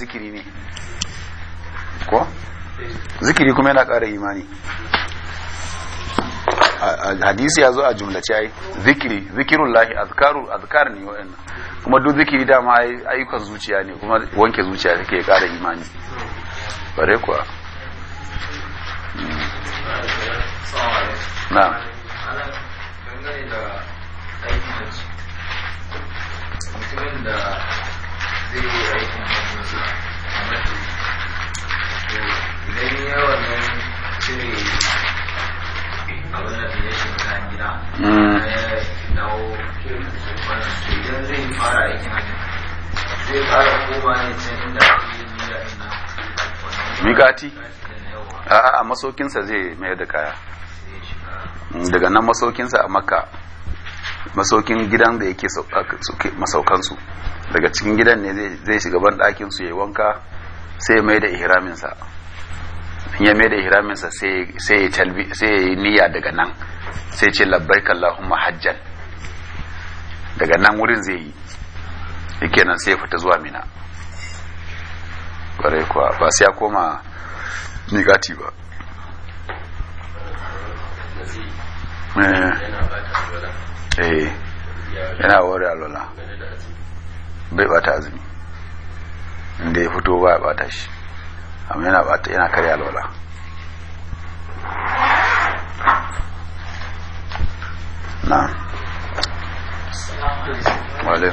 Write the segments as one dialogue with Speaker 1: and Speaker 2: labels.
Speaker 1: zikiri ne ko zikiri kuma yana ƙara imani hadisi ya zo a jumlace ai zikiri zikirullahi azkaru azkar ne wa'annan kuma duk zikiri dama ayyukan zuciya ne kuma wanke zuciya take ƙara imani bare kuwa hmm. na mutumin da zai yi aikin miƙati a masaukinsa zai mayar da kaya daga nan masaukinsa a makka masaukin gidan da yake masaukansu daga cikin gidan ne zai shiga ban ɗakinsu ya wanka sai ya mai da ihraminsa ya mai da ihraminsa sai ya yi niyya daga nan sai ce labbaikan lahun hajjan daga nan wurin zai yi yake nan sai fita zuwa mina ƙwarai kuwa ba sai ya koma negati ba eh, eh. yana wari alwala bai bata azumi inda ya fito ba ya bata shi amma yana bata yana karya alwala na wale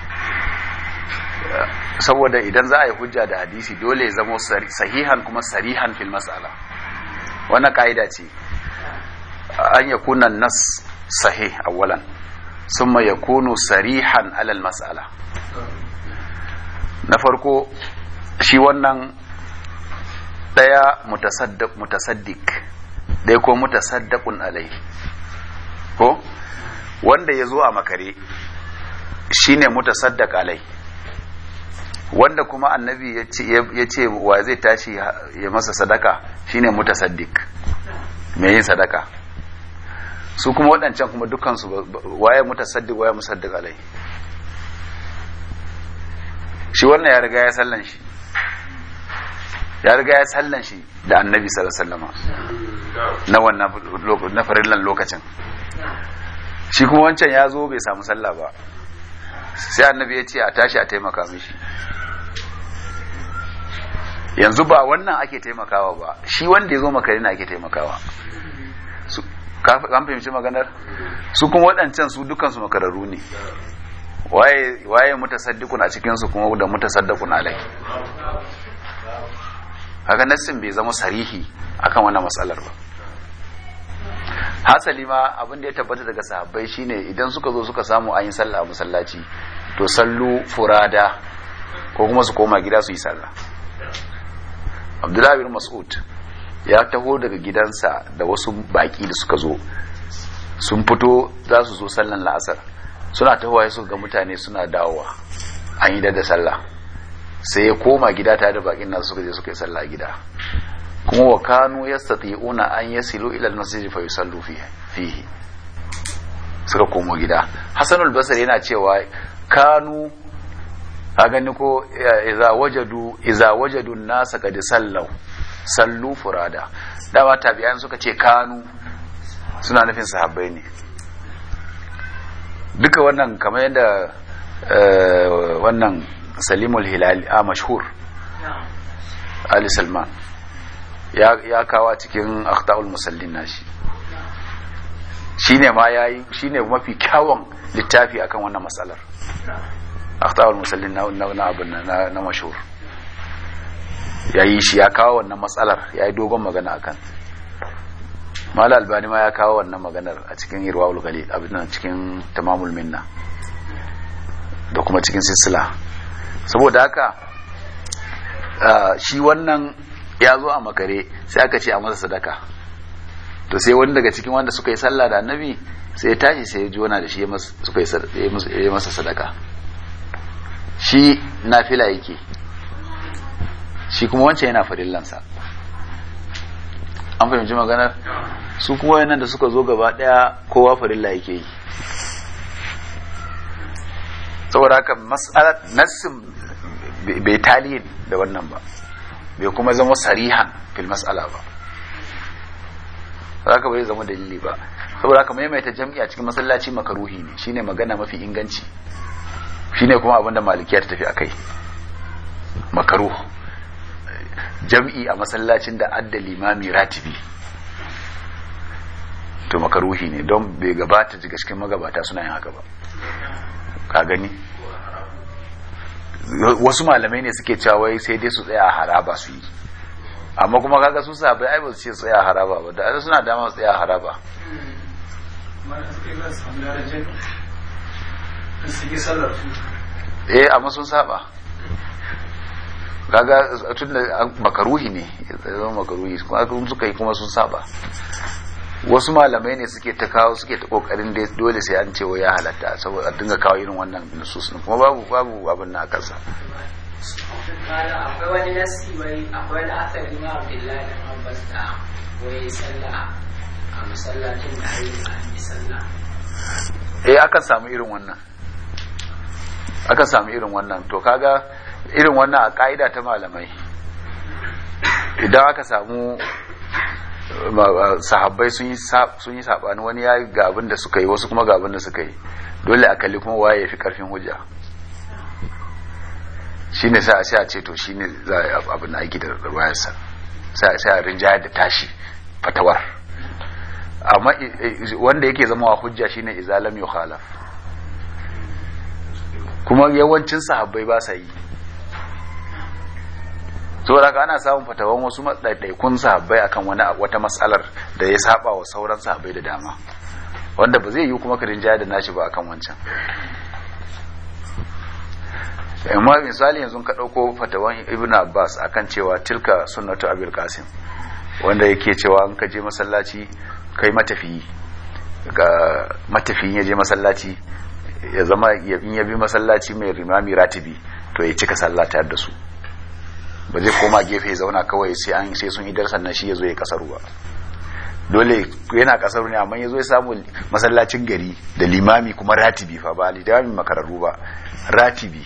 Speaker 1: saboda idan za a yi hujja da hadisi dole ya zama sahihan kuma sarihan fil mas'ala Wani ka'ida ce an yakuna nas sahih awwalan summa yakunu sarihan alal mas'ala na farko shi wannan daya mutasaddiq mutasaddiq dai ko mutasaddaqun alai ko wanda yazo a makare shine mutasaddaq alai wanda kuma annabi ya ce wa zai tashi ya masa sadaka shine mutasaddiq mai yin sadaka su kuma waɗancan kuma dukansu waye mutasaddiq waye musaddiq alai shi wannan ya riga ya sallan shi ya riga ya sallan shi da annabi sallallahu na wannan na farillan lokacin shi kuma wancan ya zo bai samu sallah ba sai annabi ya ce a tashi a taimaka mishi yanzu ba wannan ake taimakawa ba shi wanda ya zo makare na ake taimakawa kan fahimci maganar su kuma waɗancan su dukansu makararru ne waye mutasaddikun a cikinsu kuma da mutasaddakun alai haka nassin bai zama sarihi akan wannan matsalar ba hasali ma abin da ya tabbata daga sahabbai shine idan suka zo suka samu an yi sallah a masallaci to sallu furada ko kuma su koma gida su yi sallah abdullahi bin mas'ud ya taho daga gidansa da wasu baki da suka zo sun fito za su zo sallan la'asar suna tahowa suka ga mutane suna dawowa an yi da sallah sai ya koma gida tare da bakin nasu suka je suka yi sallah gida kuma wa kanu yastati'una an yasilu ila al-masjid fa yusallu fihi suka komo gida hasanul basri yana cewa kanu ka gani ko iza wajadu iza wajadu nasa qad sallau sallu furada dawa tabi'an suka ce kanu suna nufin sahabbai ne duka wannan kamar yadda eh, wannan salimul hilali a mashhur ali salman ya kawa cikin akhtaul musallin nashi shine ma yayi shine mafi kyawun littafi akan wannan matsalar akhtawul musallin na na abin na na mashhur yayi shi ya kawo wannan matsalar yayi dogon magana akan mala albani ma ya kawo wannan maganar a cikin irwaul galil abin nan cikin tamamul minna da kuma cikin silsila saboda haka shi wannan ya zo a makare sai aka ce a masa sadaka to sai wani daga cikin wanda suka yi sallah da annabi sai ya tashi sai ya jona da shi ya masa sadaka shi na nafila yake shi kuma wancan yana farillansa an fahimci maganar su kuma yanar da suka zo gaba daya kowa farilla yake yi saboda haka mas'alar nassin bai taliyin da wannan ba bai kuma zama sarihan fil matsala ba haka bai zama dalili ba saboda haka maimaita jam'i a cikin masallaci makaruhi ne shine magana mafi inganci shine kuma da malikiya ta tafi akai makaruh jam'i a masallacin da adda limami ratibi to makaruhi ne don bai gabata daga cikin magabata suna yin haka ba ka gani wasu malamai ne suke cewa sai dai su tsaya a haraba su yi amma kuma kaga su sabai ai ba su ce tsaya a haraba ba da suna dama su tsaya a haraba eh amma sun saba kaga tun da makaruhi ne makaruhi kuma suka yi kuma sun saba wasu malamai ne suke ta kawo suke ta kokarin da dole sai an ce wa ya halatta saboda a dinga kawo irin wannan nusus kuma babu babu abin na kansa akwai wani nasi wai akwai da aka ma Abdullahi da Abbas da wai sallah a masallacin da ayi a sallah eh akan samu irin wannan aka samu irin wannan to kaga irin wannan a ka'ida ta malamai idan aka samu sahabbai sun yi sabani wani ya yi abin da suka yi wasu kuma gabin da suka yi dole a kalli kuma waye ya fi karfin hujja shi ne sai a ce to shi ne za a abin aiki da ruwayarsa sai a rinja da tashi fatawar amma wanda yake zama hujja shine izalam halaf kuma yawancin sahabbai ba sa yi saboda ana samun fatawan wasu ɗaiɗaikun sahabbai akan wani wata matsalar da ya saba wa sauran sahabbai da dama wanda ba zai yi kuma ka rinjaya da nashi ba akan wancan amma misali yanzu ka ɗauko fatawan ibn abbas akan cewa tilka sunnatu abul qasim wanda yake cewa in ka je masallaci kai matafiyi ga matafiyin ya je masallaci ya zama in ya bi masallaci mai rimami ratibi to ya cika sallah tare da su ba zai koma gefe ya zauna kawai sai an sai sun idar sannan shi ya zo ya kasaru ba dole yana kasaru ne amma ya zo ya samu masallacin gari da limami kuma ratibi fa ba limami makararru ba ratibi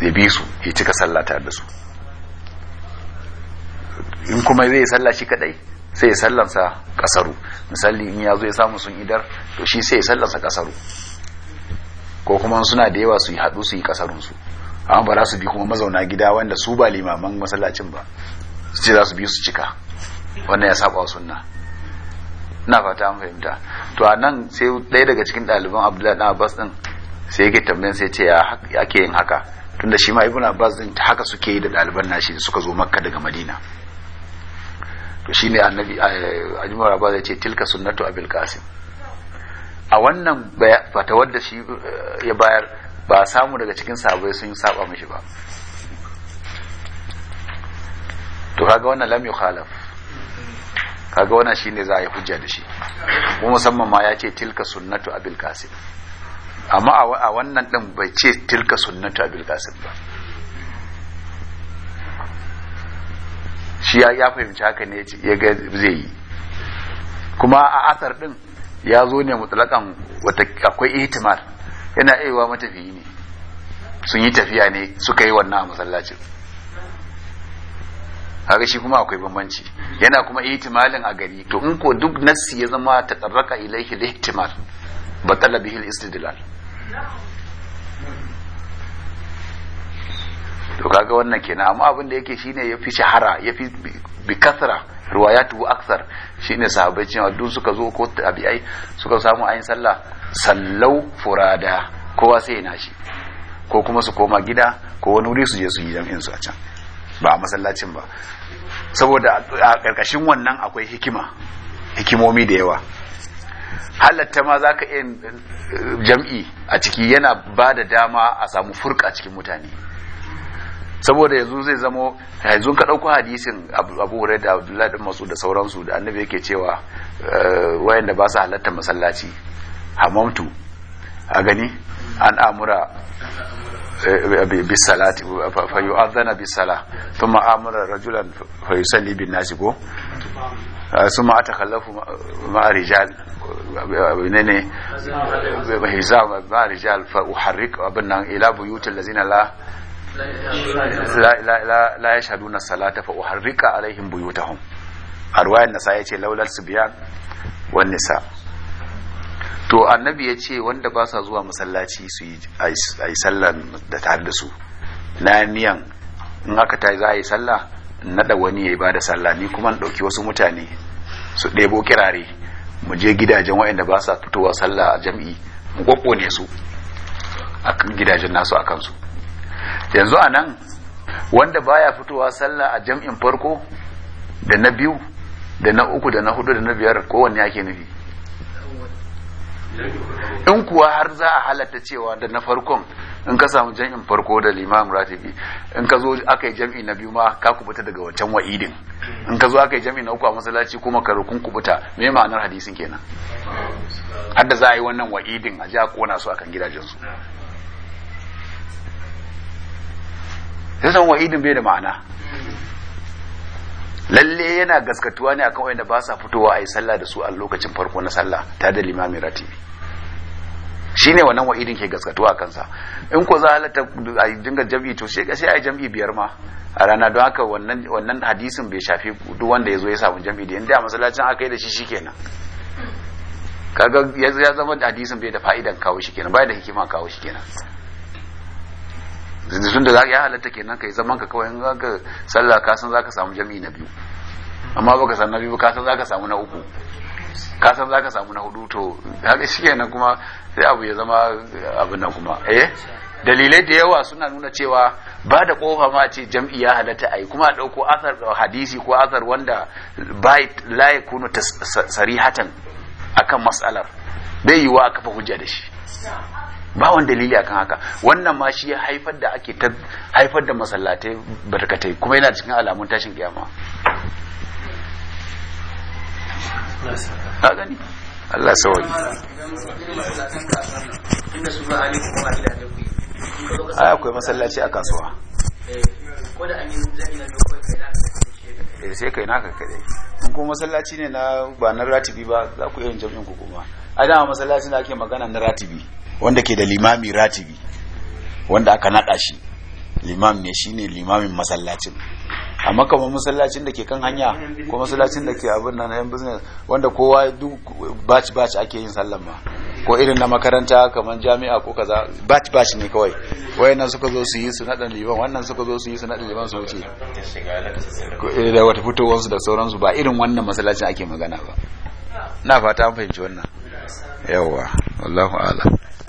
Speaker 1: ya bi su ya cika sallah tare da su in kuma zai sallah shi kadai sai ya sallansa kasaru misali in ya zo ya samu sun idar to shi sai ya sallansa kasaru ko kuma suna da yawa su yi haɗu su yi kasarunsu amma ba za su bi kuma mazauna gida wanda su ba limaman masallacin ba su ce za su bi su cika wannan ya saba sunna na fata an fahimta to a nan sai ɗaya daga cikin ɗaliban abdullahi ɗan abbas ɗin sai yake tambayin sai ce ya ake yin haka tunda shi ma ibn abbas ɗin ta haka suke yi da ɗaliban nashi suka zo makka daga madina to shine annabi ajmar eh, abbas ya ce tilka sunnatu abil qasim a wannan fatawar da shi eh, ya bayar ba samu daga cikin sabai sun saba mashi ba to kaga wannan lam yukhalaf kaga wannan shine za a yi hujja da shi ko musamman ma ya ce tilka sunnatu abil qasim amma a wannan din bai ce tilka sunnatu abil qasim ba shi ya fahimci haka ne ya ga zai yi kuma a asar din ya zo ne mutlakan akwai ihtimal yana aiwa matafiyi ne sun yi tafiya ne suka yi wannan a masallacin haka shi kuma akwai bambanci yana kuma ihtimalin a gari to in ko duk nassi ya zama ta tsarraka ilaihi ihtimal ba hil istidlal to kaga wannan kenan amma abin da yake shine yafi shahara yafi bi kasra riwayatuhu akthar shine sahabbai cewa duk suka zo ko tabi'ai suka samu ayin sallah sallau furada kowa sai yana shi ko kuma su koma gida ko wani wuri su je su yi jam'in su a can ba a masallacin ba saboda a karkashin wannan akwai hikima hikimomi da yawa halatta ma za ka iya eh, jam'i a ciki yana ba da dama a samu furka cikin mutane saboda yanzu zai zamo yanzu ka ɗauko hadisin abu da abdullahi ɗin masu da sauransu da annabi yake cewa eh, wayanda ba su halatta masallaci hamamtu a gani an amura eh, bisalati fa yu'adhana bisala thumma amura rajulan fa yusalli bin nasi ko eh, ta kallafu ma rijal rijal fa uharrik abin nan ila buyutil lazina la la ya shaduna salata fa uharrika alaihim buyutahum arwayan nasa ya ce laulal biyan wan nisa to annabi ya ce wanda ba sa zuwa masallaci su yi sallar da tare da su na niyan in aka ta za a yi sallah naɗa wani ya yi ba da sallah ni kuma ɗauki wasu mutane su ɗebo kirare mu je gidajen waɗanda ba sa fitowa sallah a jam'i mu ne su a gidajen nasu a kansu yanzu a nan wanda baya fitowa sallah a jam'in farko da na biyu da na uku da na hudu da na biyar kowanne ake nufi in kuwa har za a halatta cewa da na farkon in ka samu jam'in farko da limam ratibi in ka zo aka yi jam'i na biyu ma ka kubuta daga wancan wa'idin in ka zo aka yi jam'i na uku a masallaci kuma ka rukun kubuta me ma'anar hadisin kenan har da za a yi wannan wa'idin a ji a kona su akan gidajensu sai san wahidin bai da ma'ana lalle yana gaskatuwa ne akan wanda ba sa fitowa a sallah da su a lokacin farko na sallah ta da limamin ratibi shine wannan wa'idin ke gaskatuwa a kansa in ko za a halatta a dinga jam'i to sai gashi a jam'i biyar ma a rana don haka wannan wannan hadisin bai shafi duk wanda ya zo ya samu jam'i da inda masallacin aka yi da shi shikenan kaga ya zama hadisin bai da fa'idan kawo shi kenan bai da hikima kawo shi kenan yanzu da za ya halatta kenan yi zaman ka kawai in zaka sallah ka san za ka samu jami'i na biyu amma baka san na biyu ka san za ka samu na uku ka san za ka samu na hudu to haka shi kenan kuma sai abu ya zama abin nan kuma eh dalilai da yawa suna nuna cewa ba da kofa ma ce jam'i ya halatta a yi kuma a dauko asar hadisi ko asar wanda bai lai kuno ta sarihatan akan matsalar bai yiwa a kafa hujja da shi ba wani dalili akan haka wannan ma shi ya haifar da ake ta haifar da masallatai barkatai kuma yana cikin alamun tashin kiyama ka gani Allah sawai ai akwai masallaci a kasuwa eh sai kai naka kadai in kuma masallaci ne na ba na ratibi ba za ku yi jami'in ku kuma a dama masallaci na ake magana na ratibi wanda ke da limami ratibi wanda aka naɗa shi limam ne shine limamin masallacin amma kamar masallacin da ke kan hanya ko masallacin da ke abin nan yan business wanda kowa duk batch batch ake yin sallan ma ko irin na makaranta kamar jami'a ko kaza batch batch ne kawai wayannan suka zo su yi su nadan liban wannan suka zo su yi su nadan liban su wuce Ko eh, da wata fitowar su da sauransu ba irin wannan masallacin ake magana ba na fata an fahimci wannan Yawwa. wallahu a'lam